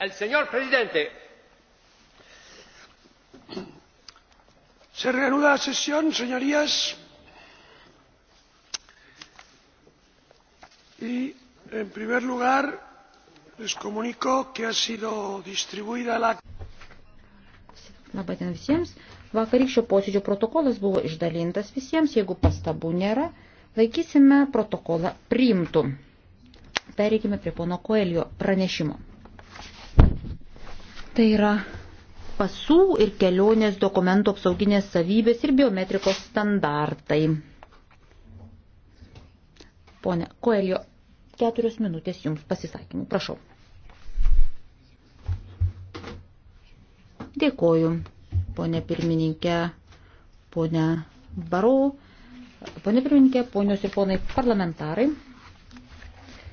El señor presidente. Se reanuda la sesión, señorías. Y, en primer lugar, les comunico que ha sido distribuida la. Labadiena visiems. Vakarykščio posėdžio protokolas buvo išdalintas visiems. Jeigu pastabų nėra, laikysime protokolą priimtų. Pereikime prie pono Koelio pranešimo. Tai yra pasų ir kelionės dokumentų apsauginės savybės ir biometrikos standartai. Pone Koelio, keturios minutės jums pasisakymų. Prašau. Dėkoju, ponė pirmininkė, ponė Barau, ponė pirmininkė, ponios ir ponai parlamentarai.